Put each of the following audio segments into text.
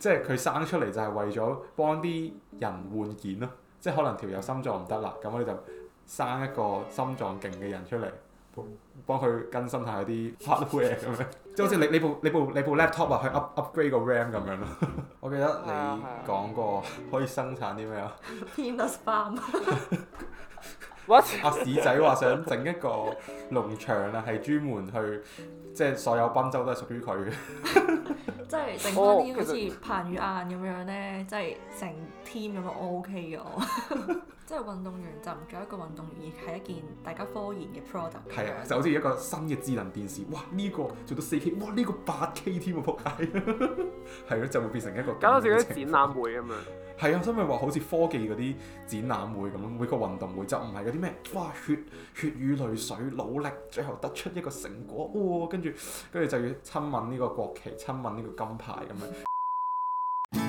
即係佢生出嚟就係為咗幫啲人換件咯，即係可能條友心臟唔得啦，咁我哋就生一個心臟勁嘅人出嚟，幫佢更新下啲 hardware 咁樣，即係好似你 你，你部你部你部 laptop 啊，去 up upgrade 個 ram 咁樣咯。 我記得你講過可以生產啲咩啊？阿史仔話想整一個農場啦，係專門去即係所有賓州都係屬於佢嘅，即係整翻啲好似彭于晏咁樣咧，即係成 team 咁樣 O K 嘅，即係運動員就唔做一個運動員，而係一件大家科研嘅 product。係啊，就好似一個新嘅智能電視，哇呢個做到四 K，哇呢個八 K 添喎，撲街，係咯就會變成一個，搞到好似展覽會咁樣。係啊，所以話好似科技嗰啲展覽會咁咯，每個運動會就唔係嗰啲咩哇血血與淚水努力，最後得出一個成果喎，跟住跟住就要親吻呢個國旗，親吻呢個金牌咁樣。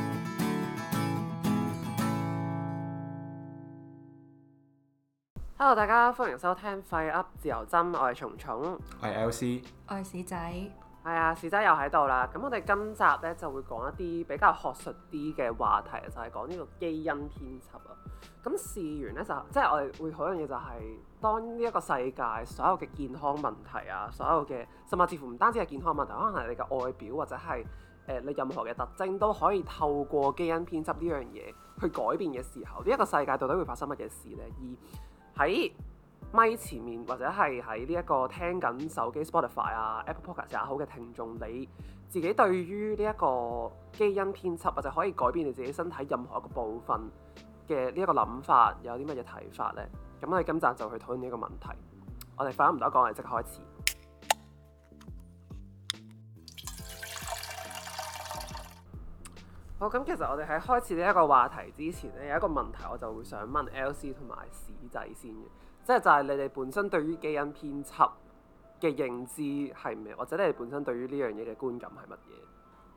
Hello，大家歡迎收聽廢 Up 自由針，我係蟲蟲，我係 LC，愛史仔。係啊，史仔、哎、又喺度啦。咁我哋今集咧就會講一啲比較學術啲嘅話題，就係講呢個基因編輯啊。咁事緣咧就即係我哋會好一樣嘢，就係、就是、當呢一個世界所有嘅健康問題啊，所有嘅甚至乎唔單止係健康問題，可能係你嘅外表或者係誒、呃、你任何嘅特徵都可以透過基因編輯呢樣嘢去改變嘅時候，呢、這、一個世界到底會發生乜嘢事咧？而喺……咪前面或者係喺呢一個聽緊手機 Spotify 啊 Apple Podcast 也好嘅聽眾，你自己對於呢一個基因編輯或者可以改變你自己身體任何一個部分嘅呢一個諗法有啲乜嘢睇法呢？咁我哋今集就去討論呢一個問題。我哋話唔多講，我哋即刻開始。好，咁其實我哋喺開始呢一個話題之前呢，有一個問題我就會想問 L C 同埋史仔先嘅。即係就係你哋本身對於基因編輯嘅認知係咩？或者你哋本身對於呢樣嘢嘅觀感係乜嘢？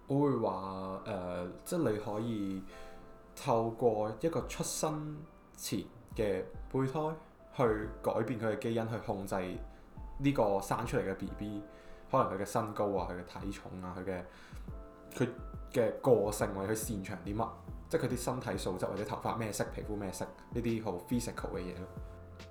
我會話誒，即、呃、係、就係、你可以透過一個出生前嘅胚胎去改變佢嘅基因，去控制呢個生出嚟嘅 BB，可能佢嘅身高啊、佢嘅體重啊、佢嘅佢嘅個性或者佢擅長啲乜，即係佢啲身體素質或者頭髮咩色、皮膚咩色呢啲好 physical 嘅嘢咯。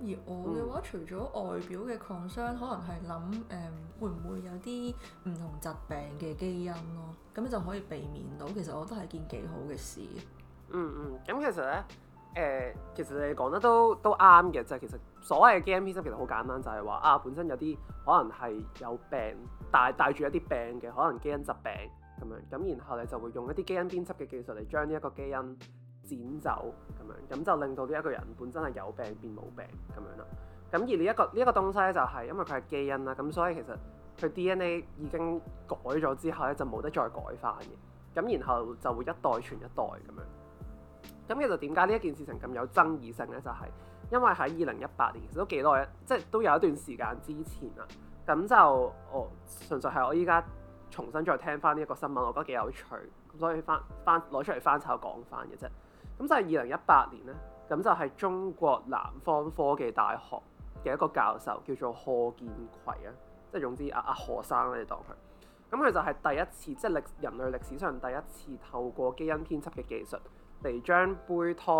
而我嘅話，除咗外表嘅 concern，可能係諗誒，會唔會有啲唔同疾病嘅基因咯？咁就可以避免到。其實我覺得係件幾好嘅事。嗯嗯，咁、嗯、其實咧，誒、呃，其實你講得都都啱嘅，就係其實所謂嘅基因編輯其實好簡單，就係、是、話啊，本身有啲可能係有病，帶帶住一啲病嘅可能基因疾病咁樣，咁然後你就會用一啲基因編輯嘅技術嚟將呢一個基因。剪走咁樣，咁就令到呢一個人本身係有病變冇病咁樣啦。咁而呢一個呢一個東西咧，就係因為佢係基因啦，咁所以其實佢 DNA 已經改咗之後咧，就冇得再改翻嘅。咁然後就會一代傳一代咁樣。咁其實點解呢一件事情咁有爭議性咧？就係因為喺二零一八年其實都幾耐，即係都有一段時間之前啦。咁就我純粹係我依家重新再聽翻呢一個新聞，我覺得幾有趣，咁所以翻翻攞出嚟翻炒講翻嘅啫。咁就係二零一八年咧，咁就係中國南方科技大學嘅一個教授叫做賀建奎啊，即係總之阿阿賀生，你當佢。咁佢就係第一次，即係歷人類歷史上第一次透過基因編輯嘅技術嚟將胚胎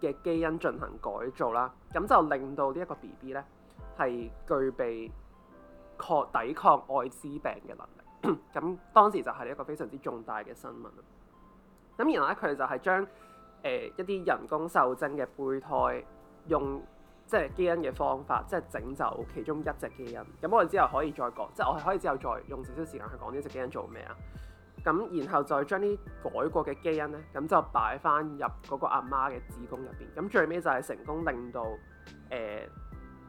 嘅基因進行改造啦，咁就令到 BB 呢一個 B B 咧係具備抗抵抗愛滋病嘅能力，咁 當時就係一個非常之重大嘅新聞啦。咁然後咧，佢哋就係將誒、呃、一啲人工受精嘅胚胎，用即係基因嘅方法，即係整走其中一隻基因。咁我哋之後可以再講，即係我係可以之後再用少少時間去講呢隻基因做咩啊。咁然後再將啲改過嘅基因咧，咁就擺翻入嗰個阿媽嘅子宮入邊。咁最尾就係成功令到誒、呃、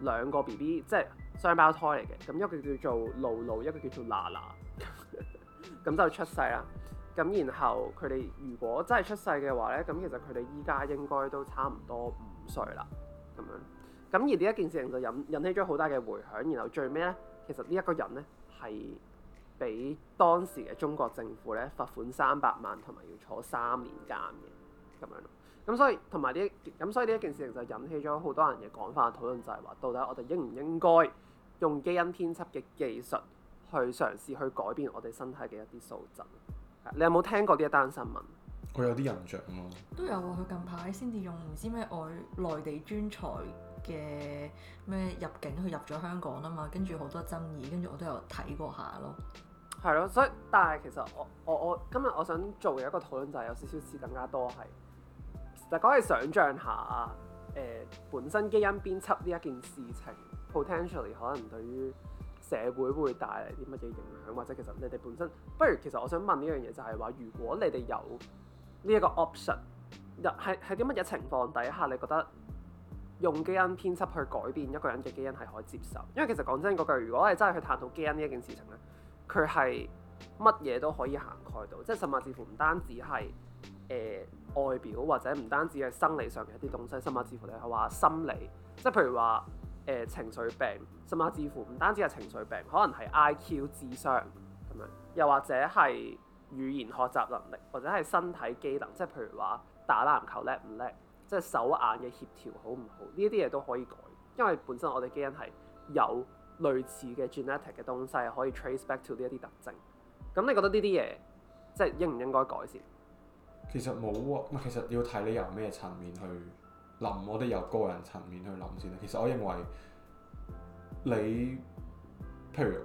兩個 B B，即係雙胞胎嚟嘅。咁一個叫做露露，一個叫做娜娜，咁 就出世啦。咁然後佢哋如果真係出世嘅話咧，咁其實佢哋依家應該都差唔多五歲啦。咁樣咁而呢一件事情就引引起咗好大嘅回響。然後最尾咧，其實呢一個人咧係俾當時嘅中國政府咧罰款三百萬，同埋要坐三年監嘅咁樣。咁所以同埋呢咁所以呢一件事情就引起咗好多人嘅講法討論，討論就係話到底我哋應唔應該用基因編輯嘅技術去嘗試去改變我哋身體嘅一啲素質？你有冇聽過啲一單新聞？我有啲印象咯，都有。佢近排先至用唔知咩外內地專才嘅咩入境，去入咗香港啊嘛，跟住好多爭議，跟住我都有睇過下咯。係咯，所以但係其實我我我今日我想做嘅一個討論就係有少少似更加多係，大家可以想像下誒、呃、本身基因編輯呢一件事情，potentially 可能對於。社會會帶嚟啲乜嘢影響，或者其實你哋本身，不如其實我想問呢樣嘢，就係話如果你哋有呢一個 option，一係係啲乜嘢情況底下，你覺得用基因編輯去改變一個人嘅基因係可以接受？因為其實講真嗰句，如果你係真係去探討基因呢一件事情咧，佢係乜嘢都可以涵蓋到，即係甚至乎唔單止係誒、呃、外表或者唔單止係生理上嘅一啲東西，甚至乎你係話心理，即係譬如話。誒、呃、情緒病，甚至乎唔單止係情緒病，可能係 IQ 智商咁樣，又或者係語言學習能力，或者係身體機能，即係譬如話打籃球叻唔叻，即係手眼嘅協調好唔好，呢一啲嘢都可以改，因為本身我哋基因係有類似嘅 genetic 嘅東西可以 trace back to 呢一啲特徵。咁你覺得呢啲嘢即係應唔應該改善？其實冇啊，其實要睇你由咩層面去。諗我哋由個人層面去諗先啦。其實我認為你，你譬如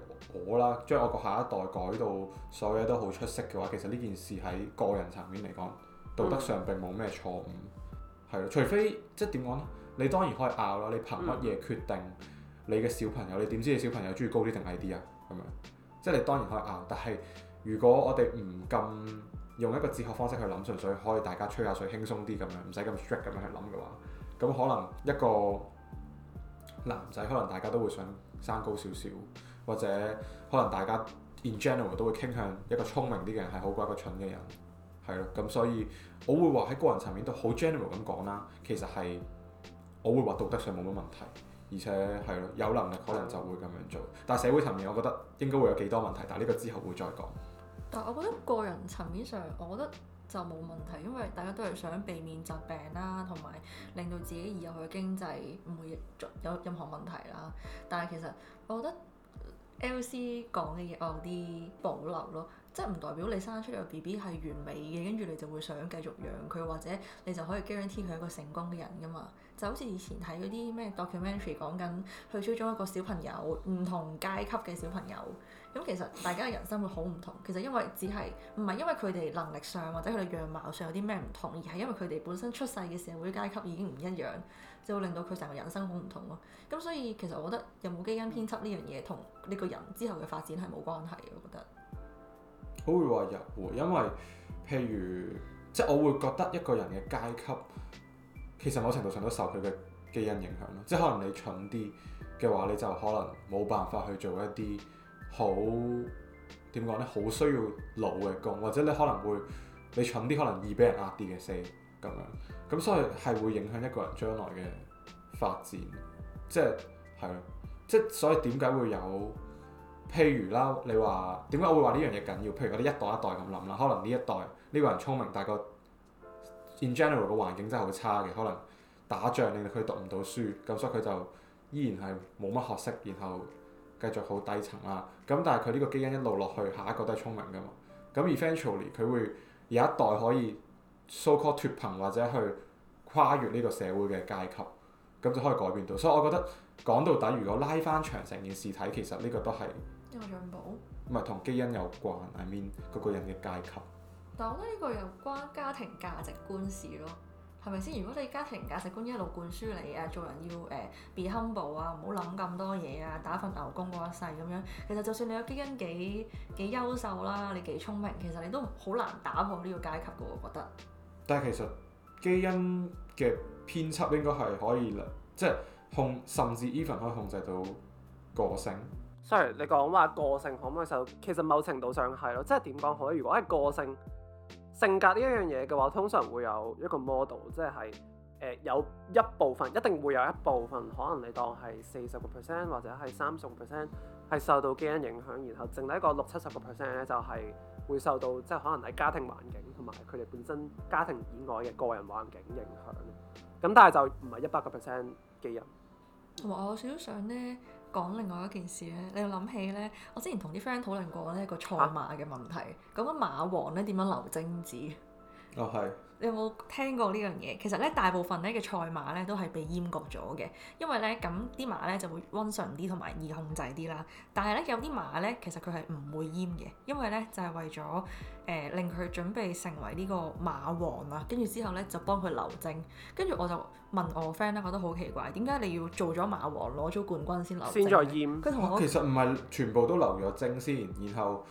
我啦，將我個下一代改到所有嘢都好出色嘅話，其實呢件事喺個人層面嚟講，道德上並冇咩錯誤，係咯、嗯。除非即係點講呢？你當然可以拗啦。你憑乜嘢決定你嘅小朋友？你點知你小朋友中意高啲定矮啲啊？咁樣即係你當然可以拗。但係如果我哋唔咁，用一個哲學方式去諗，純粹可以大家吹下水，輕鬆啲咁樣，唔使咁 strict 咁樣去諗嘅話，咁可能一個男仔可能大家都會想生高少少，或者可能大家 in general 都會傾向一個聰明啲嘅人係好過一個蠢嘅人，係咯，咁所以我會話喺個人層面都好 general 咁講啦，其實係我會話道德上冇乜問題，而且係咯有能力可能就會咁樣做，但係社會層面我覺得應該會有幾多問題，但係呢個之後會再講。但我覺得個人層面上，我覺得就冇問題，因為大家都係想避免疾病啦，同埋令到自己以後嘅經濟唔會有任何問題啦。但係其實我覺得 L.C 講嘅嘢我有啲保留咯，即係唔代表你生出嚟嘅 B.B 係完美嘅，跟住你就會想繼續養佢，或者你就可以 guarantee 佢係一個成功嘅人㗎嘛。就好似以前睇嗰啲咩 documentary 講緊，去追蹤一個小朋友，唔同階級嘅小朋友。咁其實大家嘅人生會好唔同，其實因為只係唔係因為佢哋能力上或者佢哋樣貌上有啲咩唔同，而係因為佢哋本身出世嘅社會階級已經唔一樣，就會令到佢成個人生好唔同咯。咁所以其實我覺得有冇基因編輯呢樣嘢同呢個人之後嘅發展係冇關係嘅，我覺得。好會話入會，因為譬如即係我會覺得一個人嘅階級其實某程度上都受佢嘅基因影響咯，即係可能你蠢啲嘅話，你就可能冇辦法去做一啲。好點講呢？好需要腦嘅功，或者你可能會你蠢啲，可能易俾人呃啲嘅事咁樣。咁所以係會影響一個人將來嘅發展，即係係咯，即係所以點解會有譬如啦，你話點解會話呢樣嘢緊要？譬如如果一代一代咁諗啦，可能呢一代呢、呢個人聰明，但個 in general 嘅環境真係好差嘅，可能打仗令到佢讀唔到書，咁所以佢就依然係冇乜學識，然後，繼續好低層啦，咁但係佢呢個基因一路落去，下一個都係聰明㗎嘛。咁 eventually 佢會有一代可以 so called 脫貧或者去跨越呢個社會嘅階級，咁就可以改變到。所以我覺得講到底，如果拉返長成件事睇，其實呢個都係一個進步，唔係同基因有關，係面個個人嘅階級。但我覺得呢個又關家庭價值觀事咯。係咪先？如果你家庭價值觀一路灌輸你誒，做人要誒、呃、be humble 啊，唔好諗咁多嘢啊，打份牛工過一世咁樣。其實就算你嘅基因幾幾優秀啦，你幾聰明，其實你都好難打破呢個階級嘅，我覺得。但係其實基因嘅編輯應該係可以，即係控甚至 even 可以控制到個性。Sorry，你講話個性可唔可以受？其實某程度上係咯，即係點講好咧？如果係個性，性格呢一樣嘢嘅話，通常會有一個 model，即係有一部分一定會有一部分，可能你當係四十個 percent 或者係三十五 percent 係受到基因影響，然後剩低個六七十個 percent 咧就係、是、會受到即係、就是、可能喺家庭環境同埋佢哋本身家庭以外嘅個人環境影響。咁但係就唔係一百個 percent 基因。同埋我少少想呢。講另外一件事咧，你又諗起咧，我之前同啲 friend 討論過咧個賽馬嘅問題，咁啊馬王咧點樣留精子？哦，係。你有冇聽過呢樣嘢？其實咧，大部分咧嘅賽馬咧都係被閹割咗嘅，因為咧咁啲馬咧就會温順啲同埋易控制啲啦。但係咧有啲馬咧其實佢係唔會閹嘅，因為咧就係、是、為咗誒、呃、令佢準備成為呢個馬王啊，跟住之後咧就幫佢留精。跟住我就問我個 friend 咧，我覺得好奇怪，點解你要做咗馬王攞咗冠軍先留？先再閹？佢同我其實唔係全部都留咗精先，然後。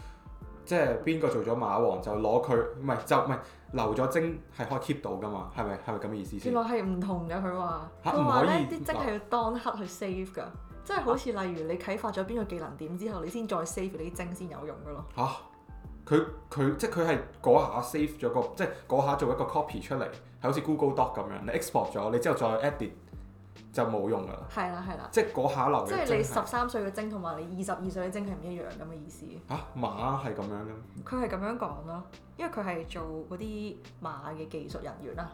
即係邊個做咗馬王就攞佢，唔係就唔係留咗精係可以 keep 到噶嘛？係咪係咪咁嘅意思先？原來係唔同嘅，佢話嚇唔可以啲精係要當刻去 save 噶，啊、即係好似例如你啟發咗邊個技能點之後，你先再 save 你啲精先有用噶咯。嚇、啊！佢佢即係佢係嗰下 save 咗個，即係嗰下做一個 copy 出嚟，係好似 Google Doc 咁樣，你 export 咗，你之後再 edit。就冇用噶啦，係啦係啦，即係嗰下流即係你十三歲嘅精同埋你二十二歲嘅精係唔一樣咁嘅意思。嚇、啊、馬係咁樣嘅？佢係咁樣講咯，因為佢係做嗰啲馬嘅技術人員啦。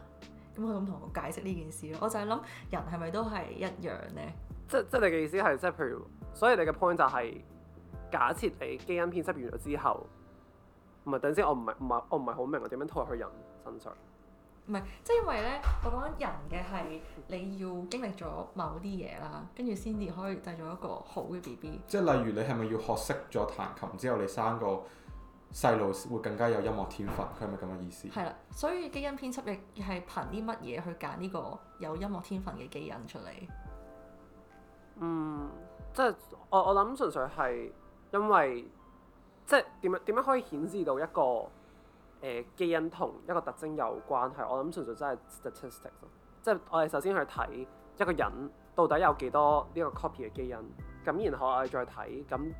咁佢咁同我解釋呢件事咯，我就係諗人係咪都係一樣咧？即即係你嘅意思係即係譬如，所以你嘅 point 就係、是、假設你基因編輯完咗之後，唔係等先，我唔係唔係我唔係好明我點樣套落去人身上。唔係，即係因為咧，我講人嘅係你要經歷咗某啲嘢啦，跟住先至可以製造一個好嘅 BB。即係例如你係咪要學識咗彈琴之後，你生個細路會更加有音樂天分？佢係咪咁嘅意思？係啦，所以基因編輯亦係憑啲乜嘢去揀呢個有音樂天分嘅基因出嚟？嗯，即係我我諗純粹係因為即係點樣點樣可以顯示到一個。誒基因同一個特徵有關係，我諗純粹真係 statistic s，即係我哋首先去睇一個人到底有幾多呢個 copy 嘅基因，咁然後我哋再睇咁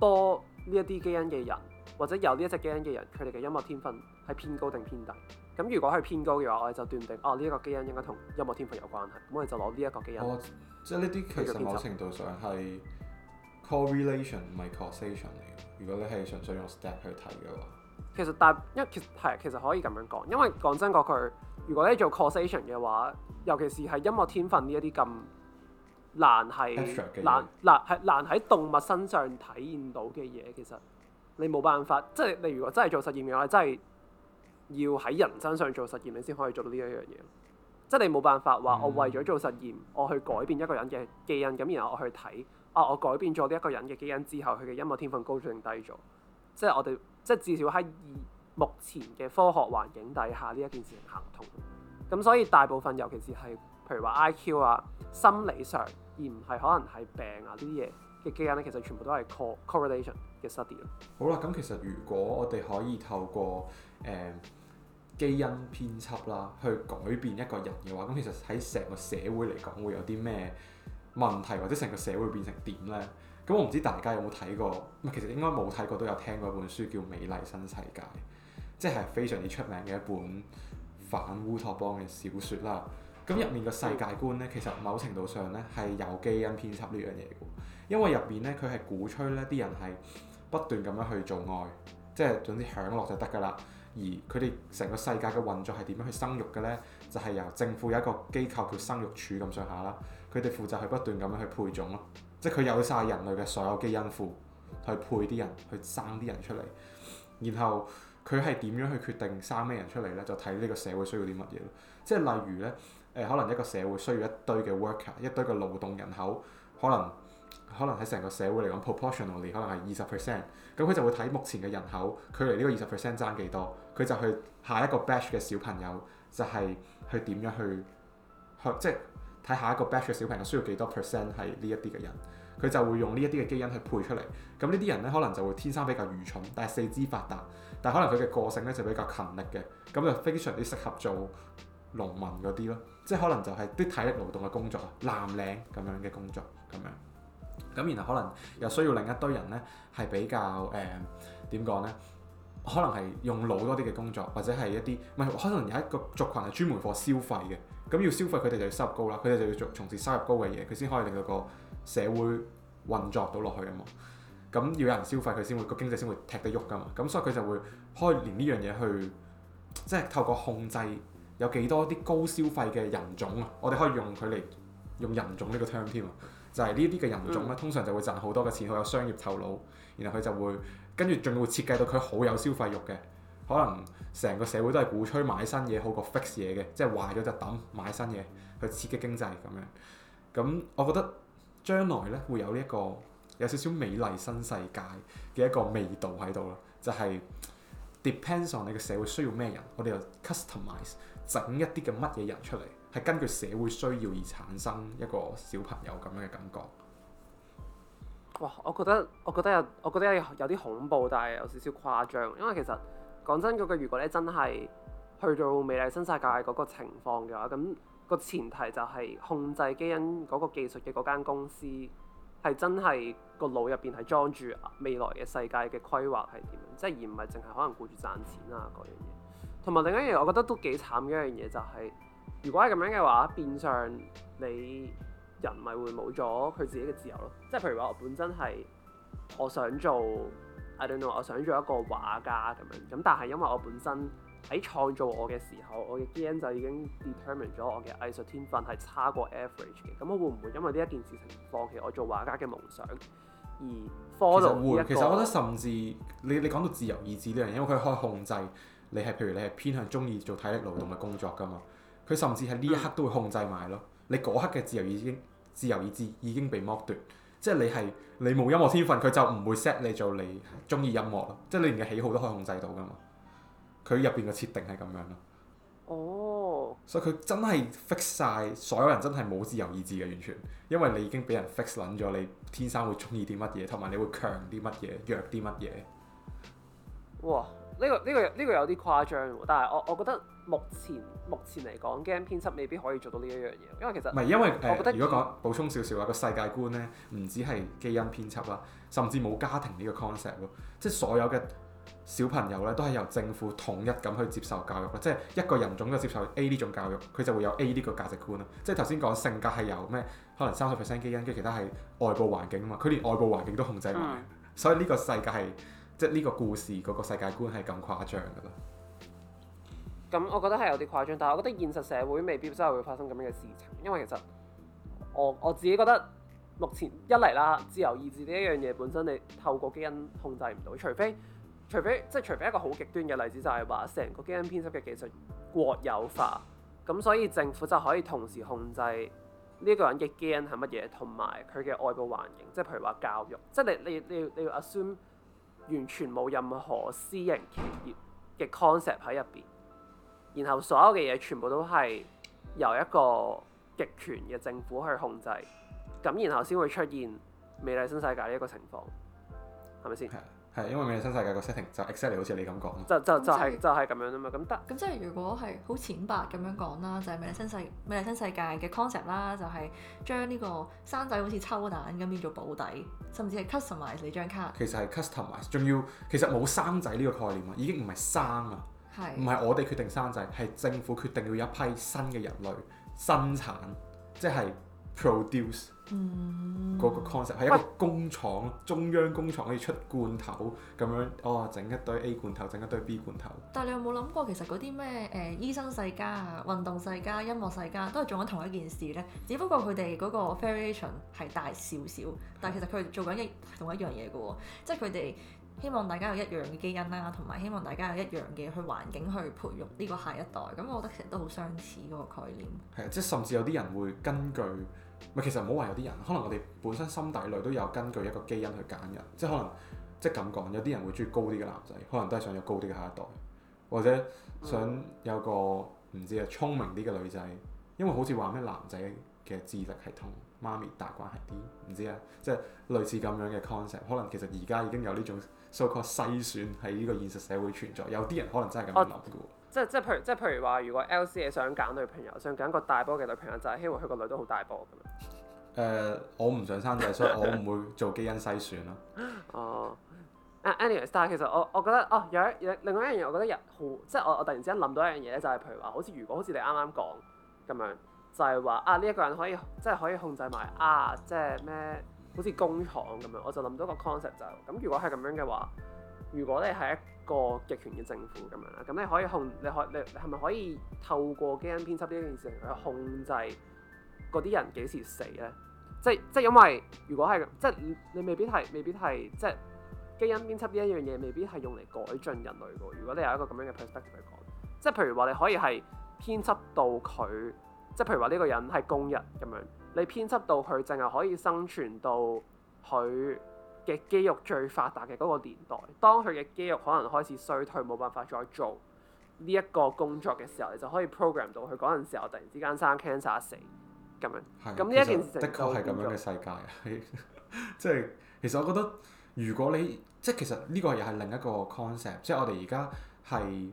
多呢一啲基因嘅人，或者有呢一隻基因嘅人，佢哋嘅音樂天分係偏高定偏低？咁如果係偏高嘅話，我哋就斷定哦呢一個基因應該同音樂天分有關係，咁我哋就攞呢一個基因。即係呢啲其實某程度上係 correlation 唔係 causation 嚟嘅。如果你係純粹用 step 去睇嘅話。其實，但因為其實係其實可以咁樣講，因為講真個句，如果你做 causation 嘅話，尤其是係音樂天分呢一啲咁難係難難係難喺動物身上體驗到嘅嘢，其實你冇辦法，即係你如果真係做實驗嘅話，真係要喺人身上做實驗，你先可以做到呢一樣嘢。即係你冇辦法話我為咗做實驗，嗯、我去改變一個人嘅基因，咁然後我去睇啊，我改變咗呢一個人嘅基因之後，佢嘅音樂天分高咗定低咗？即係我哋。即係至少喺目前嘅科學環境底下，呢一件事情行唔通。咁所以大部分，尤其是係譬如話 IQ 啊、心理上，而唔係可能係病啊呢啲嘢嘅基因咧，其實全部都係 correlation 嘅 study 咯。好啦，咁其實如果我哋可以透過誒、嗯、基因編輯啦，去改變一個人嘅話，咁其實喺成個社會嚟講，會有啲咩？問題或者成個社會變成點呢？咁我唔知大家有冇睇過，其實應該冇睇過都有聽過一本書叫《美麗新世界》，即係非常之出名嘅一本反烏托邦嘅小説啦。咁入面嘅世界觀呢，其實某程度上呢係有基因編輯呢樣嘢嘅，因為入邊呢，佢係鼓吹呢啲人係不斷咁樣去做愛，即係總之享樂就得噶啦。而佢哋成個世界嘅運作係點樣去生育嘅呢？就係、是、由政府有一個機構叫生育處咁上下啦。佢哋負責去不斷咁樣去配種咯，即係佢有晒人類嘅所有基因庫去配啲人去生啲人出嚟，然後佢係點樣去決定生咩人出嚟咧？就睇呢個社會需要啲乜嘢咯。即係例如咧，誒、呃、可能一個社會需要一堆嘅 worker，一堆嘅勞動人口，可能可能喺成個社會嚟講 proportionally 可能係二十 percent，咁佢就會睇目前嘅人口距離呢個二十 percent 爭幾多，佢就去下一個 batch 嘅小朋友就係去點樣去，即睇下一個 batch 嘅小朋友需要幾多 percent 係呢一啲嘅人，佢就會用呢一啲嘅基因去配出嚟。咁呢啲人咧可能就會天生比較愚蠢，但係四肢發達，但係可能佢嘅個性咧就比較勤力嘅，咁就非常之適合做農民嗰啲咯，即係可能就係啲體力勞動嘅工作啊，藍領咁樣嘅工作咁樣。咁然後可能又需要另一堆人咧係比較誒，點講咧，可能係用腦多啲嘅工作，或者係一啲唔係可能有一個族群係專門貨消費嘅。咁要消費佢哋就要收入高啦，佢哋就要從從事收入高嘅嘢，佢先可以令到個社會運作到落去啊嘛。咁要有人消費，佢先會個經濟先會踢得喐噶嘛。咁所以佢就會開連呢樣嘢去，即係透過控制有幾多啲高消費嘅人種啊，我哋可以用佢嚟用人種呢個 term 添啊，就係呢啲嘅人種咧，通常就會賺好多嘅錢，好、嗯、有商業頭腦，然後佢就會跟住仲會設計到佢好有消費欲嘅。可能成個社會都係鼓吹買新嘢好過 fix 嘢嘅，即係壞咗就抌，買新嘢去刺激經濟咁樣。咁我覺得將來咧會有呢一個有少少美麗新世界嘅一個味道喺度咯，就係 depends on 你嘅社會需要咩人，我哋就 customise 整一啲嘅乜嘢人出嚟，係根據社會需要而產生一個小朋友咁樣嘅感覺。哇！我覺得我覺得有我覺得有有啲恐怖，但係有少少誇張，因為其實。講真嗰個，如果咧真係去到美麗新世界嗰個情況嘅話，咁個前提就係控制基因嗰個技術嘅嗰間公司係真係個腦入邊係裝住未來嘅世界嘅規劃係點樣，即係而唔係淨係可能顧住賺錢啊嗰樣嘢。同埋另一樣，我覺得都幾慘嘅一樣嘢就係，如果係咁樣嘅話，變相你人咪會冇咗佢自己嘅自由咯。即係譬如話，我本身係我想做。I don't know，我想做一個畫家咁樣，咁但係因為我本身喺創造我嘅時候，我嘅 gen 就已經 determine 咗我嘅藝術天分係差過 average 嘅，咁我會唔會因為呢一件事事而放棄我做畫家嘅夢想而 follow 其實會，其實我覺得甚至你你講到自由意志呢樣，因為佢可以控制你係譬如你係偏向中意做體力勞動嘅工作㗎嘛，佢甚至喺呢一刻都會控制埋咯，嗯、你嗰刻嘅自由意志已經自由意志已經被剝奪。即係你係你冇音樂天分，佢就唔會 set 你做你中意音樂咯。即係你連個喜好都可以控制到噶嘛。佢入邊嘅設定係咁樣咯。哦。Oh. 所以佢真係 fix 晒所有人，真係冇自由意志嘅完全，因為你已經俾人 fix 撚咗，你天生會中意啲乜嘢，同埋你會強啲乜嘢，弱啲乜嘢。哇！呢個呢個呢個有啲誇張，但係我我覺得。目前目前嚟講，基因編輯未必可以做到呢一樣嘢，因為其實唔係因為誒。呃、我覺得如果講補充少少啊，個世界觀咧，唔止係基因編輯啦，甚至冇家庭呢個 concept 咯，即係所有嘅小朋友咧都係由政府統一咁去接受教育啦，即係一個人種都接受 A 呢種教育，佢就會有 A 呢個價值觀啦。即係頭先講性格係由咩？可能三十 percent 基因，跟其他係外部環境啊嘛，佢連外部環境都控制埋，嗯、所以呢個世界係即係呢個故事嗰個世界觀係咁誇張㗎啦。咁我覺得係有啲誇張，但係我覺得現實社會未必真係會發生咁樣嘅事情，因為其實我我自己覺得目前一嚟啦，自由意志呢一樣嘢本身你透過基因控制唔到，除非除非即係除非一個好極端嘅例子，就係話成個基因編輯嘅技術國有化，咁所以政府就可以同時控制呢個人嘅基因係乜嘢，同埋佢嘅外部環境，即係譬如話教育，即係你你你要你要 assume 完全冇任何私營企業嘅 concept 喺入邊。然後所有嘅嘢全部都係由一個極權嘅政府去控制，咁然後先會出現美麗新世界呢一個情況，係咪先？係係因為美麗新世界個 setting 就 exactly 好似你咁講就就就係就係咁樣啊嘛，咁得。咁即係如果係好淺白咁樣講啦，就係美麗新世美麗新世界嘅 concept 啦，就係將呢個生仔好似抽蛋咁變做保底，甚至係 customise 你張卡。其實係 customise，仲要其實冇生仔呢個概念啊，已經唔係生啊。唔係是我哋決定生仔，係政府決定要一批新嘅人類生產，即係 produce 嗰、嗯、個 concept 係一個工廠，喂中央工廠可以出罐頭咁樣，哦，整一堆 A 罐頭，整一堆 B 罐頭。但你有冇諗過，其實嗰啲咩誒醫生世家啊、運動世家、音樂世家都係做緊同一件事呢？只不過佢哋嗰個 variation 係大少少，但其實佢哋做緊嘅係同一樣嘢嘅喎，即係佢哋。希望大家有一樣嘅基因啦，同埋希望大家有一樣嘅去環境去培育呢個下一代。咁我覺得其實都好相似個概念。係啊，即係甚至有啲人會根據咪，其實唔好話有啲人，可能我哋本身心底裡都有根據一個基因去揀人。即係可能即係咁講，有啲人會中意高啲嘅男仔，可能都係想有高啲嘅下一代，或者想有個唔、嗯、知啊聰明啲嘅女仔。因為好似話咩男仔嘅智力係同媽咪大關係啲，唔知啊，即係類似咁樣嘅 concept。可能其實而家已經有呢種。所以個篩選喺呢個現實社會存在，有啲人可能真係咁樣諗嘅喎。即即譬如即譬如話，如果 L C 想揀女朋友，想揀個大波嘅女朋友，就係希望佢個女都好大波嘅。誒，uh, 我唔想生仔， 所以我唔會做基因篩選啦。哦，anyway 但係其實我我覺得哦，有一另另外一樣嘢，我覺得又好、啊，即我我突然之間諗到一樣嘢咧，就係譬如話，好似如果好似你啱啱講咁樣，就係話啊，呢一個人可以即係可以控制埋啊，即係咩？好似工廠咁樣，我就諗到個 concept 就咁。如果係咁樣嘅話，如果你係一個極權嘅政府咁樣啦，咁你可以控，你可你係咪可以透過基因編輯呢一件事去控制嗰啲人幾時死咧？即即因為如果係即你未必係未必係即基因編輯呢一樣嘢，未必係用嚟改進人類嘅。如果你有一個咁樣嘅 perspective 去講，即譬如話你可以係編輯到佢，即譬如話呢個人係工人咁樣。你編輯到佢，淨係可以生存到佢嘅肌肉最發達嘅嗰個年代。當佢嘅肌肉可能開始衰退，冇辦法再做呢一個工作嘅時候，你就可以 program 到佢嗰陣時候突然之間生 cancer 死咁樣。係的，咁呢一件事，的確係咁樣嘅世界。 即係其實我覺得，如果你即係其實呢個又係另一個 concept，即係我哋而家係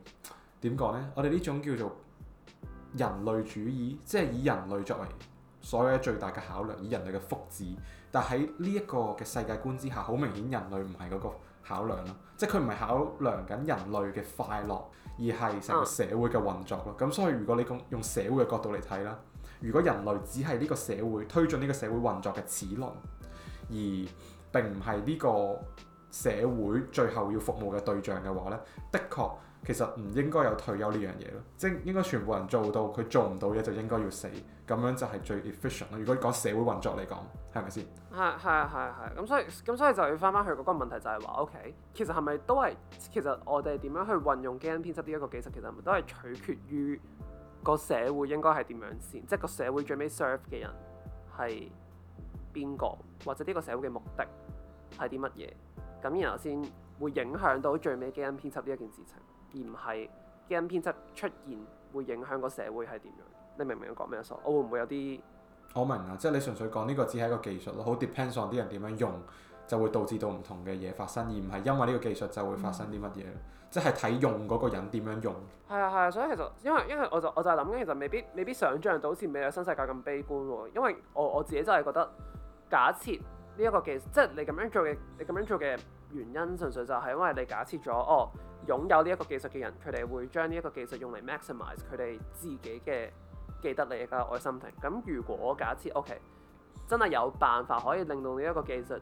點講呢？我哋呢種叫做人類主義，即係以人類作為。所以最大嘅考量以人類嘅福祉，但喺呢一個嘅世界觀之下，好明顯人類唔係嗰個考量咯，即係佢唔係考量緊人類嘅快樂，而係成個社會嘅運作咯。咁所以如果你用社會嘅角度嚟睇啦，如果人類只係呢個社會推進呢個社會運作嘅齒輪，而並唔係呢個社會最後要服務嘅對象嘅話呢，的確。其實唔應該有退休呢樣嘢咯，即係應該全部人做到佢做唔到嘢，就應該要死，咁樣就係最 efficient 咯。如果講社會運作嚟講，係咪先？係係啊係啊係，咁所以咁所以就要翻翻去嗰個問題，就係話 OK，其實係咪都係其實我哋點樣去運用基因編輯呢一個技術，其實係咪都係取決於個社會應該係點樣先，即係個社會最尾 serve 嘅人係邊個，或者呢個社會嘅目的係啲乜嘢，咁然後先會影響到最尾基因編輯呢一件事情。而唔係基因編輯出現會影響個社會係點樣？你明唔明我講咩意思？我會唔會有啲？我明啊，即係你純粹講呢個只係一個技術咯，好 depends on 啲人點樣用，就會導致到唔同嘅嘢發生，而唔係因為呢個技術就會發生啲乜嘢，嗯、即係睇用嗰個人點樣用。係啊係啊，所以其實因為因為我就我就係諗，其實未必未必想像到好似《美麗新世界》咁悲觀喎，因為我我自己就係覺得，假設呢一個技術，即係你咁樣做嘅，你咁樣做嘅。原因純粹就係因為你假設咗，哦、擁有呢一個技術嘅人，佢哋會將呢一個技術用嚟 maximize 佢哋自己嘅既得利益嘅愛心庭。咁如果假設，OK 真係有辦法可以令到呢一個技術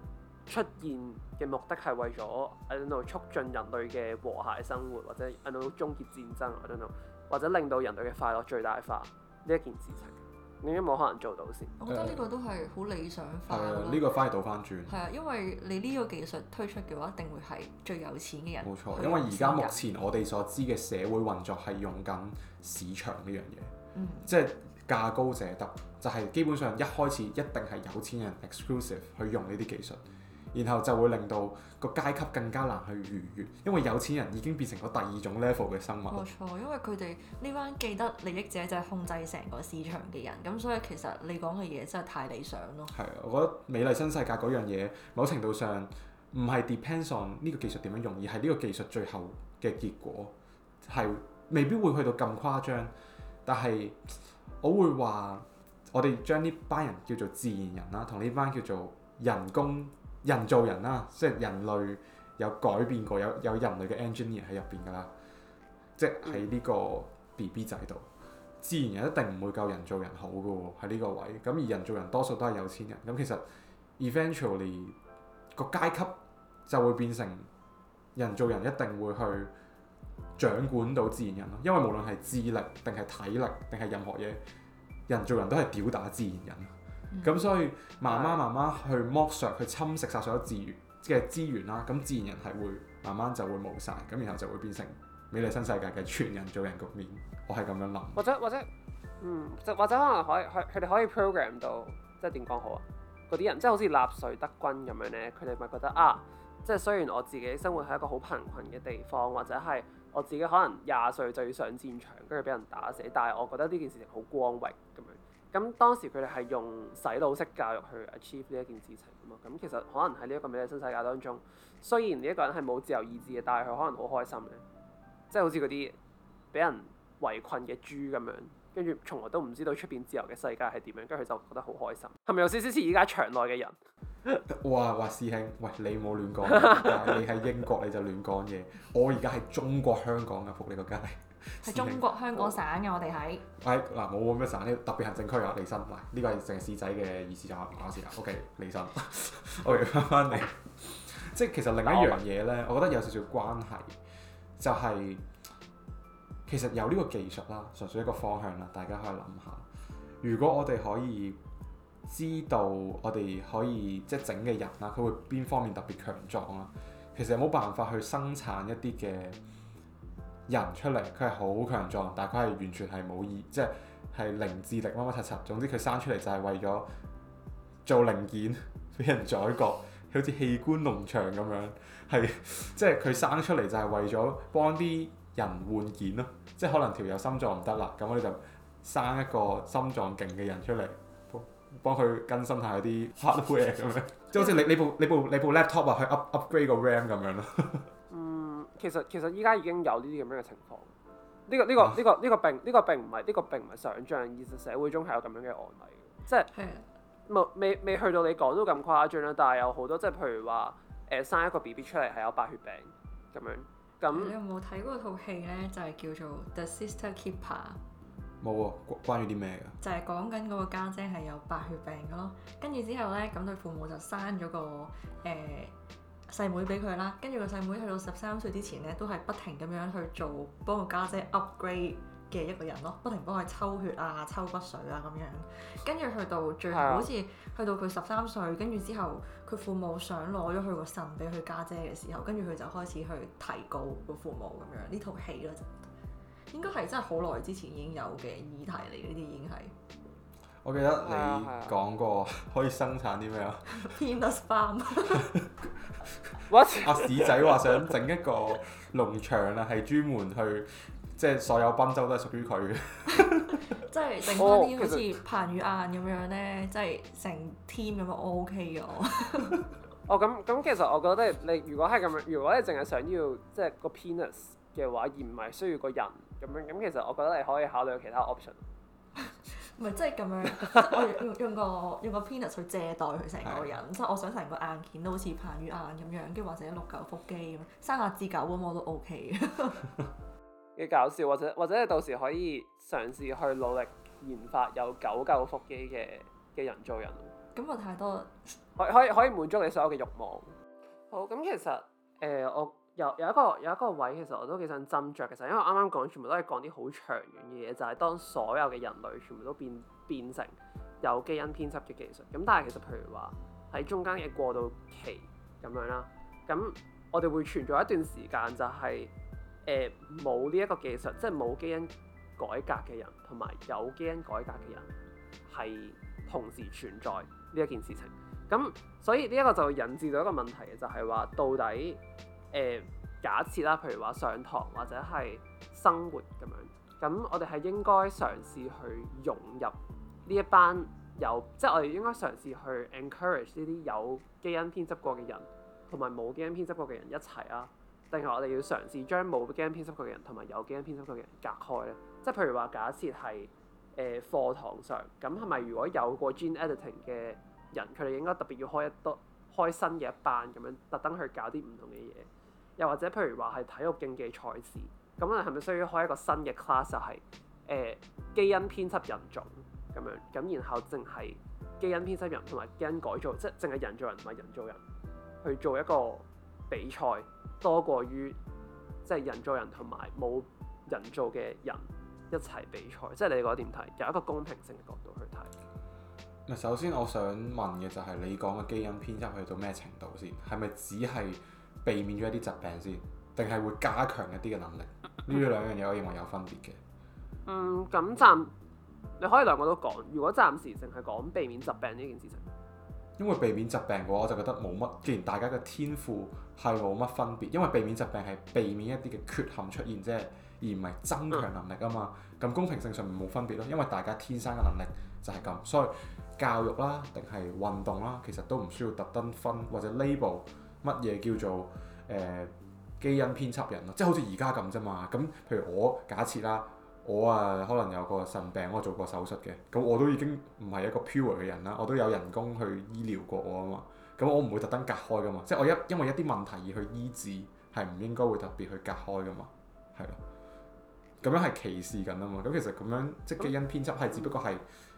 出現嘅目的係為咗，令到促進人類嘅和諧生活，或者令到終結戰爭，或者令到或者令到人類嘅快樂最大化呢一件事情。你都冇可能做到先。我覺得呢個都係好理想化呢、呃呢個翻係倒翻轉。係啊，因為你呢個技術推出嘅話，一定會係最有錢嘅人錢。冇錯，因為而家目前我哋所知嘅社會運作係用緊市場呢樣嘢，嗯、即係價高者得，就係、係、基本上一開始一定係有錢人 exclusive 去用呢啲技術。然後就會令到個階級更加難去逾越，因為有錢人已經變成咗第二種 level 嘅生物。冇錯，因為佢哋呢班既得利益者就係控制成個市場嘅人，咁所以其實你講嘅嘢真係太理想咯。係啊，我覺得美麗新世界嗰樣嘢某程度上唔係 depends on 呢個技術點樣用，而係呢個技術最後嘅結果係未必會去到咁誇張。但係我會話，我哋將呢班人叫做自然人啦，同呢班叫做人工。人造人啦、啊，即係人類有改變過，有有人類嘅 engineer 喺入邊噶啦，即係喺呢個 BB 仔度。自然人一定唔會夠人造人好嘅喎，喺呢個位。咁而人造人多數都係有錢人，咁其實 eventually 個階級就會變成人造人一定會去掌管到自然人咯，因為無論係智力定係體力定係任何嘢，人造人都係屌打自然人。咁、嗯、所以慢慢慢慢去剝削、啊、去侵蝕晒所有資源嘅資、就是、源啦，咁自然人係會慢慢就會冇晒，咁然後就會變成美麗新世界嘅全人造人局面。我係咁樣諗，或者或者，嗯，就或者可能可以佢哋可以 program 到，即係點講好啊？嗰啲人即係好似納粹德軍咁樣咧，佢哋咪覺得啊，即、就、係、是、雖然我自己生活喺一個好貧困嘅地方，或者係我自己可能廿歲就要上戰場跟住俾人打死，但係我覺得呢件事情好光榮咁樣。咁當時佢哋係用洗腦式教育去 achieve 呢一件事情啊嘛，咁其實可能喺呢一個美麗新世界當中，雖然呢一個人係冇自由意志嘅，但係佢可能好開心嘅，即係好似嗰啲俾人圍困嘅豬咁樣，跟住從來都唔知道出邊自由嘅世界係點樣，跟住佢就覺得好開心。係咪有少少似而家場內嘅人？ 哇！哇！師兄，喂，你冇亂講， 你喺英國你就亂講嘢， 我而家係中國香港嘅服你個街！係中國香港省嘅，我哋喺，喂、哎，嗱冇咁嘅省呢？特別行政區啊，李生，嗱呢、這個係城市仔嘅意思就唔講時間，O K，李生，o 嚟翻翻嚟。即係其實另一樣嘢咧，但我，我覺得有少少關係，就係、是、其實有呢個技術啦，純粹一個方向啦，大家可以諗下。如果我哋可以知道我哋可以即係整嘅人啦，佢會邊方面特別強壯啊？其實有冇辦法去生產一啲嘅？嗯人出嚟，佢係好強壯，但係佢係完全係冇意，即係係零智力乜乜柒柒。總之佢生出嚟就係為咗做零件俾人宰割，好似器官農場咁樣。係即係佢生出嚟就係為咗幫啲人換件咯。即係可能條友心臟唔得啦，咁我哋就生一個心臟勁嘅人出嚟幫佢更新下啲 hardware 咁樣，即係好似你你部你部你部，部 laptop 啊去 up upgrade 個 RAM 咁樣咯。 其實其實依家已經有呢啲咁樣嘅情況，呢、呢個呢、呢個呢、呢個呢、呢個並呢、呢個並唔係呢個並唔係想像，而係現實社會中係有咁樣嘅案例嘅，即係冇未未去到你講到咁誇張啦，但係有好多即係譬如話誒、呃、生一個 B B 出嚟係有白血病咁樣，咁你有冇睇嗰套戲咧？就係、是、叫做 The Sister Keeper。冇喎、啊，關於啲咩噶？就係講緊嗰個家姐係有白血病嘅咯，跟住之後咧，咁佢父母就生咗個誒。欸細妹俾佢啦，跟住個細妹去到十三歲之前咧，都係不停咁樣去做幫個家姐 upgrade 嘅一個人咯，不停幫佢抽血啊、抽骨髓啊咁樣。跟住去到最後，的好似去到佢十三歲，跟住之後佢父母想攞咗佢個腎俾佢家姐嘅時候，跟住佢就開始去提告個父母咁樣。呢套戲咧，應該係真係好耐之前已經有嘅議題嚟，呢啲已經係。我記得你講過可以生產啲咩啊？In the farm。 阿 What? 啊、史仔話想整一個農場啦，係專門去即係、就是、所有賓州都係屬 於佢嘅，即、就、係、是、整嗰啲好似彭于晏咁樣咧，即係成 team 咁樣，OK 嘅我。 哦，咁咁其實我覺得你如果係咁樣，如果你淨係想要即係、就是、個 penis 嘅話，而唔係需要個人咁樣，咁其實我覺得你可以考慮其他 option。唔係，即係咁樣，我用用個用個 penis 去借代佢成個人， 所以我想成個硬件都好似彭于晏咁樣，跟住或者六嚿腹肌咁，三下至九咁我都 OK 嘅。幾 搞笑，或者或者你到時可以嘗試去努力研發有九嚿腹肌嘅嘅人造人。咁問太多可，可可以可以滿足你所有嘅慾望。好，咁其實誒、呃、我。有有一個有一個位，其實我都幾想斟酌。其實因為啱啱講，全部都係講啲好長遠嘅嘢，就係當所有嘅人類全部都變變成有基因編輯嘅技術咁，但係其實譬如話喺中間嘅過渡期咁樣啦，咁我哋會存在一段時間，就係誒冇呢一個技術，即係冇基因改革嘅人，同埋有基因改革嘅人係同時存在呢一件事情，咁所以呢一個就會引致到一個問題，就係話到底。誒假設啦，譬如話上堂或者係生活咁樣，咁我哋係應該嘗試去融入呢一班有，即係我哋應該嘗試去 encourage 呢啲有基因編輯過嘅人，同埋冇基因編輯過嘅人一齊啊，定係我哋要嘗試將冇基因編輯過嘅人同埋有基因編輯過嘅人隔開咧？即係譬如話假設係誒課堂上，咁係咪如果有過 gene editing 嘅人，佢哋應該特別要開一多開新嘅一班咁樣，特登去搞啲唔同嘅嘢？又或者譬如話係體育競技賽事，咁你係咪需要開一個新嘅 class 就係誒基因編輯人種咁樣，咁然後淨係基因編輯人同埋基因改造，即係淨係人造人同埋人造人去做一個比賽，多過於即係人造人同埋冇人造嘅人一齊比賽，即係你覺得點睇？由一個公平性嘅角度去睇。啊，首先我想問嘅就係你講嘅基因編輯去到咩程度先？係咪只係？避免咗一啲疾病先，定係會加強一啲嘅能力？呢 兩樣嘢，我認為有分別嘅。嗯，咁暫你可以兩個都講。如果暫時淨係講避免疾病呢件事情，因為避免疾病嘅話，我就覺得冇乜。既然大家嘅天賦係冇乜分別，因為避免疾病係避免一啲嘅缺陷出現啫，而唔係增強能力啊嘛。咁、嗯、公平性上面冇分別咯，因為大家天生嘅能力就係咁。所以教育啦，定係運動啦，其實都唔需要特登分或者 label。乜嘢叫做誒、呃、基因編輯人咯？即係好似而家咁啫嘛。咁譬如我假設啦，我啊可能有個腎病，我做過手術嘅，咁我都已經唔係一個 pure 嘅人啦。我都有人工去醫療過我啊嘛。咁我唔會特登隔開噶嘛。即係我一因為一啲問題而去醫治，係唔應該會特別去隔開噶嘛。係咯，咁樣係歧視緊啊嘛。咁其實咁樣即基因編輯係只不過係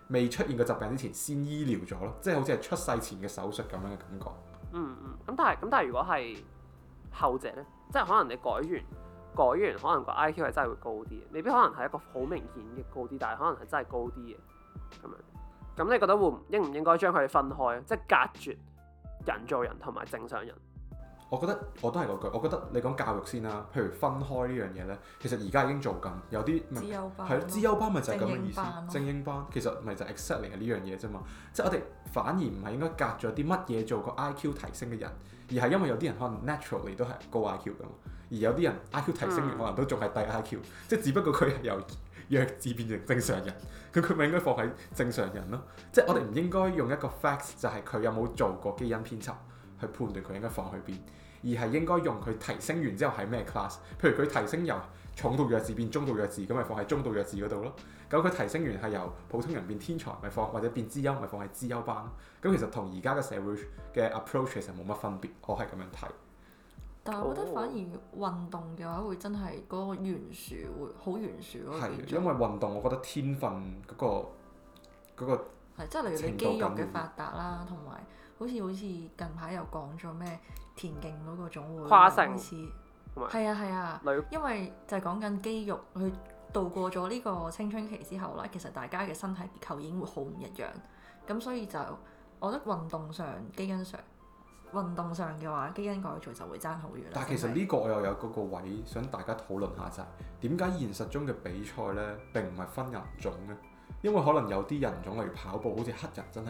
未出現個疾病之前先醫療咗咯。即係好似係出世前嘅手術咁樣嘅感覺。嗯嗯，咁、嗯、但係咁但係如果係後者咧，即係可能你改完改完，可能個 IQ 係真係會高啲嘅，未必可能係一個好明顯嘅高啲，但係可能係真係高啲嘅咁樣，咁、嗯、你覺得會唔應唔應該將佢哋分開咧？即係隔絕人造人同埋正常人。我覺得我都係嗰句，我覺得你講教育先啦，譬如分開呢樣嘢咧，其實而家已經做緊有啲係咯，資優班咪就係咁嘅意思，精英班、啊、精英班其實咪就係 excelling 嘅呢樣嘢啫嘛。即係我哋反而唔係應該隔咗啲乜嘢做個 IQ 提升嘅人，而係因為有啲人可能 naturally 都係高 IQ 噶嘛，而有啲人 IQ 提升嘅、嗯、可能都仲係低 IQ，即係只不過佢由弱智變成正常人，佢佢咪應該放喺正常人咯。即係我哋唔應該用一個 facts 就係佢有冇做過基因編輯去判斷佢應該放去邊。而係應該用佢提升完之後係咩 class？譬如佢提升由重度弱智變中度弱智，咁咪放喺中度弱智嗰度咯。咁佢提升完係由普通人變天才，咪放或者變資優，咪放喺資優班。咁其實同而家嘅社會嘅 approaches 係冇乜分別，我係咁樣睇。但係我覺得反而運動嘅話，會真係嗰個懸殊會好懸殊咯。係因為運動，我覺得天分嗰、嗰個嗰、嗰個即係例如你肌肉嘅發達啦，同埋、嗯、好似好似近排又講咗咩？田徑嗰個總會跨城市，係啊係啊，啊女因為就係講緊肌肉去度過咗呢個青春期之後咧，其實大家嘅身體結構已經會好唔一樣，咁所以就我覺得運動上基因上，運動上嘅話基因改造就會爭好遠。但係其實呢個我又有嗰個位想大家討論下，就係點解現實中嘅比賽咧並唔係分人種咧？因為可能有啲人種例如跑步好似黑人真係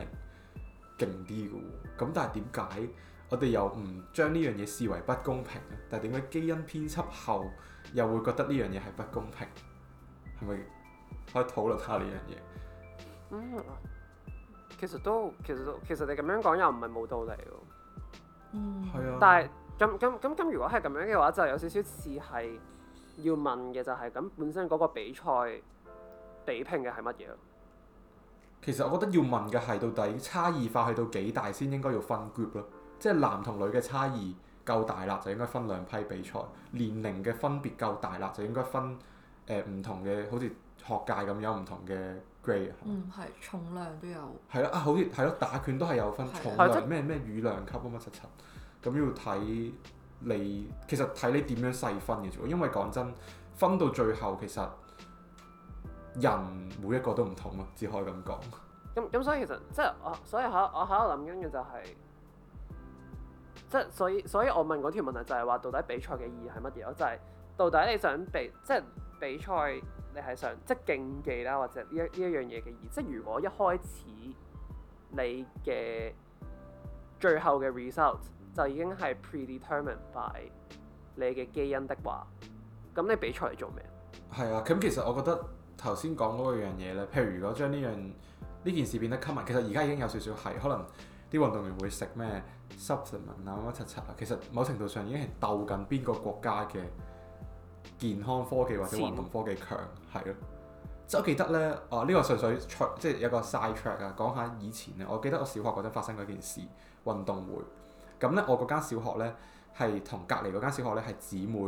勁啲㗎喎，咁但係點解？我哋又唔將呢樣嘢視為不公平，但係點解基因編輯後又會覺得呢樣嘢係不公平？係咪可以討論下呢樣嘢？其實都其實都其實你咁樣講又唔係冇道理喎。嗯、但係咁咁咁咁，如果係咁樣嘅話，就有少少似係要問嘅就係、係、咁本身嗰個比賽比拼嘅係乜嘢？其實我覺得要問嘅係到底差異化去到幾大先應該要分 group 咯。即係男同女嘅差異夠大啦，就應該分兩批比賽；年齡嘅分別夠大啦，就應該分誒唔、呃、同嘅，好似學界咁有唔同嘅 grade。嗯，係重量都有。係咯啊，好似係咯，打拳都係有分、啊、重量咩咩羽量級啊乜七七咁，要睇你其實睇你點樣細分嘅啫喎。因為講真，分到最後其實人每一個都唔同啊，只可以咁講。咁咁，所以其實即係我，我，所以我我喺度諗緊嘅就係、是。即所以，所以我問嗰條問題就係話，到底比賽嘅意義係乜嘢？我就係、是、到底你想比即比賽，你係想即競技啦、啊，或者呢呢一樣嘢嘅意義。即如果一開始你嘅最後嘅 result 就已經係 predetermined by 你嘅基因的話，咁你比賽嚟做咩？係啊，咁其實我覺得頭先講嗰樣嘢咧，譬如如果將呢樣呢件事變得 common，其實而家已經有少少係可能啲運動員會食咩？Supplement 啊乜乜七七啊，其實某程度上已經係鬥緊邊個國家嘅健康科技或者運動科技強，係咯前。即係我記得咧，啊呢、這個純粹即係有個 side track 啊，講下以前咧。我記得我小學嗰陣發生過一件事，運動會。咁咧，我嗰間小學咧係同隔離嗰間小學咧係姊妹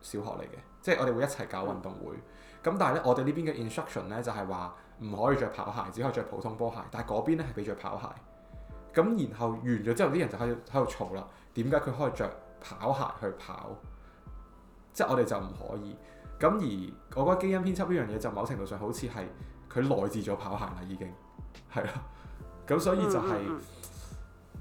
小學嚟嘅，即係我哋會一齊搞運動會。咁、嗯、但係咧，我哋呢邊嘅 instruction 咧就係話唔可以着跑鞋，只可以着普通波鞋。但係嗰邊咧係俾着跑鞋。咁然後完咗之後啲人就喺度喺度嘈啦，點解佢可以著跑鞋去跑？即係我哋就唔可以。咁而我覺得基因編輯呢樣嘢就某程度上好似係佢內置咗跑鞋啦，已經係啦。咁所以就係、是、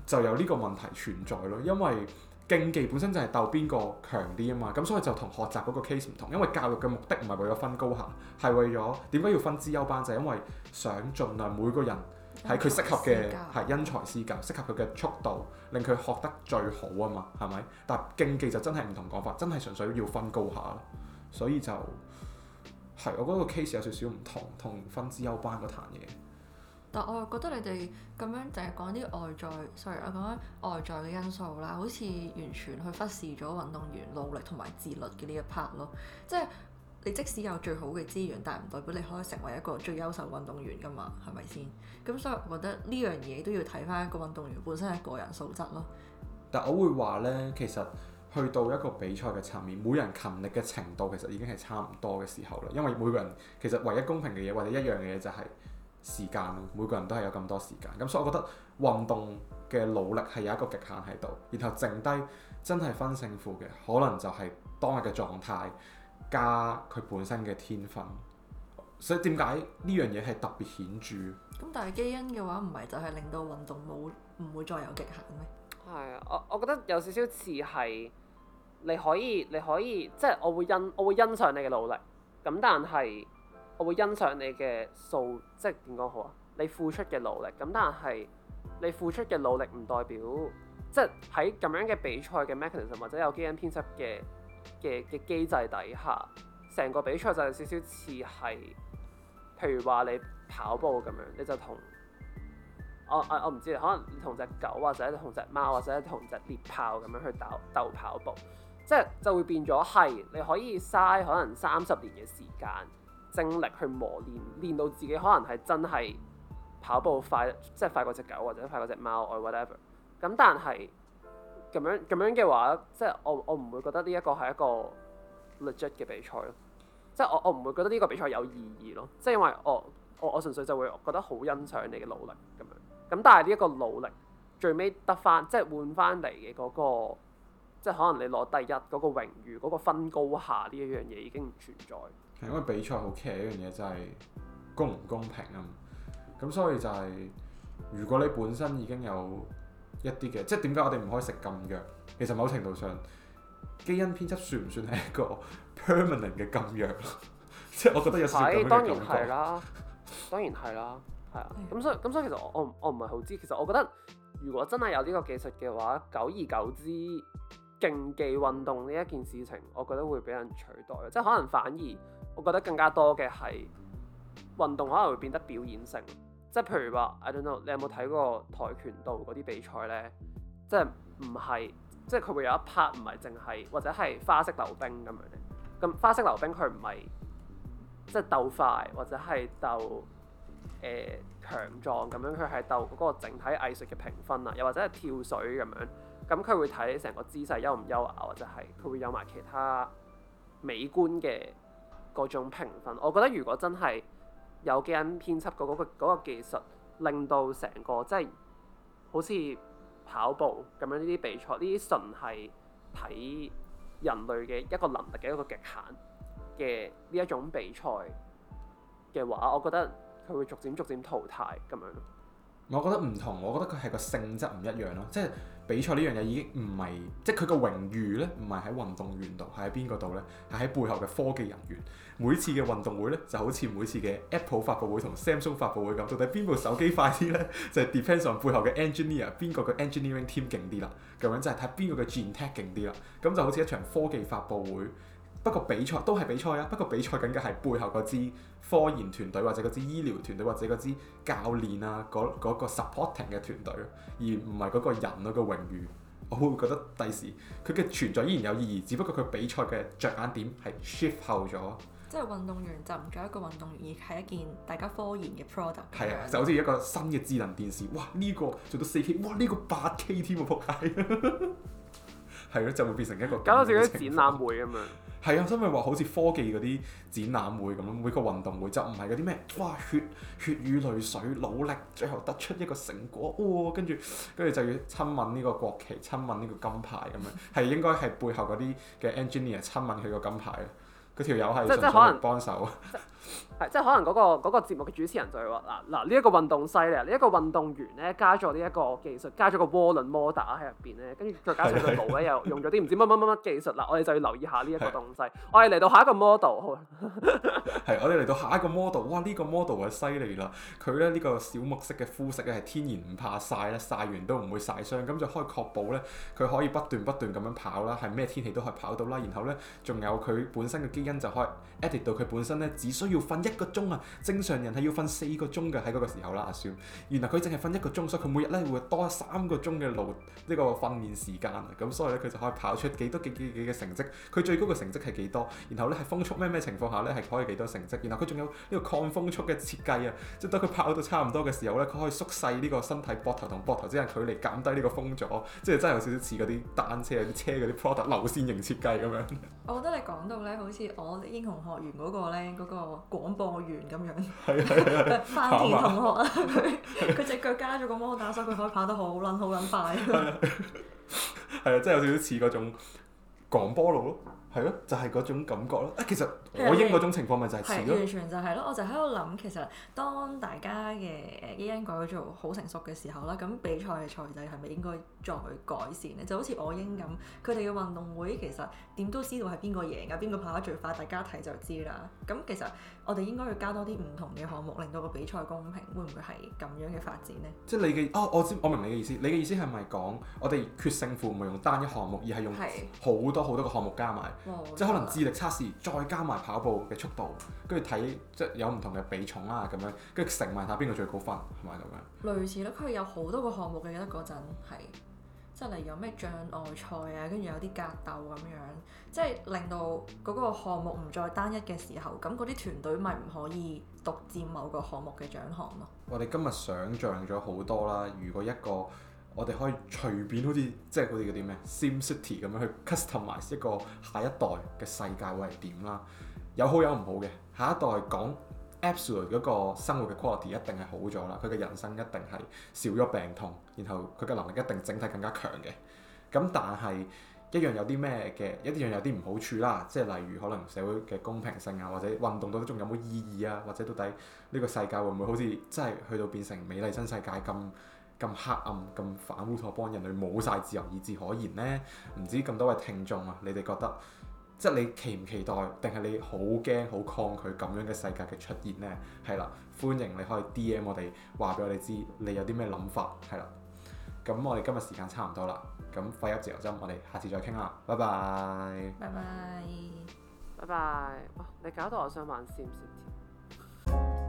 就有呢個問題存在咯。因為競技本身就係鬥邊個強啲啊嘛。咁所以就同學習嗰個 case 唔同，因為教育嘅目的唔係為咗分高下，係為咗點解要分資優班就係、是、因為想盡量每個人。係佢適合嘅，係因材施教，教，適合佢嘅速度，令佢學得最好啊嘛，係咪？但競技就真係唔同講法，真係純粹要分高下，所以就係我覺得個 case 有少少唔同，同分資優班嗰壇嘢。但我又覺得你哋咁樣淨係講啲外在，sorry，我講緊外在嘅因素啦，好似完全去忽視咗運動員努力同埋自律嘅呢一 part 咯，即係。你即使有最好嘅資源，但係唔代表你可以成為一個最優秀運動員㗎嘛，係咪先？咁所以，我覺得呢樣嘢都要睇返一個運動員本身嘅個人素質咯。但我會話呢，其實去到一個比賽嘅層面，每人勤力嘅程度其實已經係差唔多嘅時候啦。因為每個人其實唯一公平嘅嘢或者一樣嘅嘢就係時間咯。每個人都係有咁多時間，咁所以我覺得運動嘅努力係有一個極限喺度，然後剩低真係分勝負嘅，可能就係當日嘅狀態。加佢本身嘅天分，所以點解呢樣嘢係特別顯著？咁但係基因嘅話，唔係就係令到運動冇唔會再有極限咩？係啊，我我覺得有少少似係你可以你可以即係、就是、我會欣我會欣賞你嘅努力。咁但係我會欣賞你嘅數，即係點講好啊？你付出嘅努力。咁但係你付出嘅努力唔代表即係喺咁樣嘅比賽嘅 mechanism 或者有基因編輯嘅嘅嘅機制底下，成個比賽就有少少似係，譬如話你跑步咁樣，你就同我我我唔知，可能同隻狗或者同隻貓或者同隻獵豹咁樣去鬥鬥跑步，即係就會變咗係你可以嘥可能三十年嘅時間精力去磨練，練到自己可能係真係跑步快，即係快過隻狗或者快過隻貓，或者 whatever。咁但係。咁樣咁樣嘅話，即係我我唔會覺得呢一個係一個 legit 嘅比賽咯。即係我我唔會覺得呢個比賽有意義咯。即係因為我我我純粹就會覺得好欣賞你嘅努力咁樣。咁但係呢一個努力最尾得翻，即係換翻嚟嘅嗰個，即係可能你攞第一嗰個榮譽，嗰個分高下呢一樣嘢已經唔存在。其實因為比賽好騎一樣嘢就係公唔公平啊。咁所以就係、是、如果你本身已經有。一啲嘅，即係點解我哋唔可以食禁藥？其實某程度上，基因編輯算唔算係一個 permanent 嘅禁藥？ 即係我覺得有少少咁嘅感覺。當然係啦，當然係啦，係啊。咁、啊啊、所以咁所以其實我我我唔係好知。其實我覺得如果真係有呢個技術嘅話，久而久之，競技運動呢一件事情，我覺得會俾人取代。即係可能反而我覺得更加多嘅係運動可能會變得表演性。即係譬如話，I don't know，你有冇睇過跆拳道嗰啲比賽咧？即係唔係即係佢會有一 part 唔係淨係，或者係花式溜冰咁樣咧。咁花式溜冰佢唔係即係鬥快，或者係鬥誒、呃、強壯咁樣，佢係鬥嗰個整體藝術嘅評分啊，又或者係跳水咁樣。咁佢會睇成個姿勢優唔優雅，或者係佢會有埋其他美觀嘅各種評分。我覺得如果真係，有基因編輯嗰個、嗰個技術，令到成個即係好似跑步咁樣呢啲比賽，呢啲純係睇人類嘅一個能力嘅一個極限嘅呢一種比賽嘅話，我覺得佢會逐漸逐漸淘汰咁樣。我覺得唔同，我覺得佢係個性質唔一樣咯，即係。比賽呢樣嘢已經唔係，即係佢個榮譽咧，唔係喺運動員度，係喺邊個度咧？係喺背後嘅科技人員。每次嘅運動會咧，就好似每次嘅 Apple 發布會同 Samsung 發布會咁，到底邊部手機快啲咧？就係 depends on 背後嘅 Engineer，邊個嘅 Engineering team 勁啲啦？究竟真係睇邊個嘅 GenTech 勁啲啦。咁就好似一場科技發布會。不過比賽都係比賽啊！不過比賽緊嘅係背後嗰支科研團隊，或者嗰支醫療團隊，或者嗰支教練啊，嗰、嗰個 supporting 嘅團隊，而唔係嗰個人啊嘅、嗰個、榮譽。我會覺得第時佢嘅存在依然有意義，只不過佢比賽嘅着眼點係 shift 後咗。即係運動員就唔再一個運動員，而係一件大家科研嘅 product。係啊，樣就好似一個新嘅智能電視，哇！呢、呢個做到四 K，哇！呢、呢個八 K 添喎，仆街。係 咯、 啊，就會變成一個搞到似啲展覽會咁樣。係啊，所以咪話好似科技嗰啲展覽會咁咯，每個運動會就唔係嗰啲咩，哇，血血與淚水努力，最後得出一個成果喎，跟住跟住就要親吻呢個國旗，親吻呢個金牌咁樣，係應該係背後嗰啲嘅 engineer 親吻佢個金牌嘅，佢條友係即即可能幫手。 係，即係可能嗰個嗰個節目嘅主持人就係話，嗱嗱呢一個運動犀利，呢一個運動員咧加咗呢一個技術，加咗個渦輪 motor 喺入邊咧，跟住再加上個腦咧又用咗啲唔知乜乜乜乜技術啦， 我哋就要留意下呢一個動作。 我哋嚟到下一個 model，係，我哋嚟到下一個 model，哇，呢、這個 model 啊犀利啦，佢咧呢個小麥色嘅膚色咧係天然唔怕晒咧，晒完都唔會晒傷，咁就可以確保咧，佢可以不斷不斷咁樣跑啦，係咩天氣都可以跑到啦，然後咧仲有佢本身嘅基因就可以 edit 到佢本身咧，只需。要瞓一個鐘啊！正常人係要瞓四個鐘嘅喺嗰個時候啦、啊，阿、啊、少。原來佢淨係瞓一個鐘，所以佢每日咧會多三個鐘嘅路呢、呢個訓練時間啊。咁所以咧佢就可以跑出多幾多幾幾幾嘅成績。佢最高嘅成績係幾多？然後咧係風速咩咩情況下咧係可以幾多成績？然後佢仲有呢個抗風速嘅設計啊，即係等佢跑到差唔多嘅時候咧，佢可以縮細呢個身體膊頭同膊頭之間距離，減低呢個風阻，即係真係有少少似嗰啲單車有車嗰啲 product 流線型設計咁樣。我覺得你講到咧，好似我英雄學園嗰個咧嗰、嗰個廣播員咁樣，係樣 校，範田同學啊，佢佢隻腳加咗個摩打，所以，佢可以跑得好撚好撚快係係啊，真係有少少似嗰種廣播路咯，係咯，就係、是、嗰種感覺咯啊，其實～我英嗰種情況咪就係，係完全就係咯。我就喺度諗，其實當大家嘅基因改咗做好成熟嘅時候啦，咁比賽嘅賽制係咪應該再改善咧？就好似我英咁，佢哋嘅運動會其實點都知道係邊個贏啊，邊個跑得最快，大家睇就知啦。咁其實我哋應該要加多啲唔同嘅項目，令到個比賽公平，會唔會係咁樣嘅發展呢？即係你嘅，哦，我知，我明你嘅意思。你嘅意思係咪講我哋決勝負唔係用單一項目，而係用好多好多個項目加埋，即係可能智力測試再加埋。跑步嘅速度，跟住睇即係有唔同嘅比重啦，啊，咁樣跟住成埋下邊個最高分，係咪咁樣？類似咯，佢有好多個項目嘅，記得嗰陣係即係例如有咩障礙賽啊，跟住有啲格鬥咁樣，即係令到嗰個項目唔再單一嘅時候，咁嗰啲團隊咪唔可以獨佔某個項目嘅獎項咯。我哋今日想象咗好多啦，如果一個我哋可以隨便好似即係嗰啲嗰啲咩 SimCity 咁樣去 customise 一個下一代嘅世界會係點啦？有好有唔好嘅，下一代講 absolutely，嗰個生活嘅 quality 一定係好咗啦，佢嘅人生一定係少咗病痛，然後佢嘅能力一定整體更加強嘅。咁但係一樣有啲咩嘅，一樣有啲唔好處啦。即係例如可能社會嘅公平性啊，或者運動到底仲有冇意義啊，或者到底呢個世界會唔會好似真係去到變成美麗新世界咁咁黑暗、咁反烏托邦，人類冇晒自由意志可言呢？唔知咁多位聽眾啊，你哋覺得？即係你期唔期待，定係你好驚好抗拒咁樣嘅世界嘅出現呢？係啦，歡迎你可以 DM 我哋，話俾我哋知你有啲咩諗法。係啦，咁我哋今日時間差唔多啦，咁廢一自由針，我哋下次再傾啦，拜拜，拜拜，拜拜。哇！你搞到我想玩閃閃閃《s i m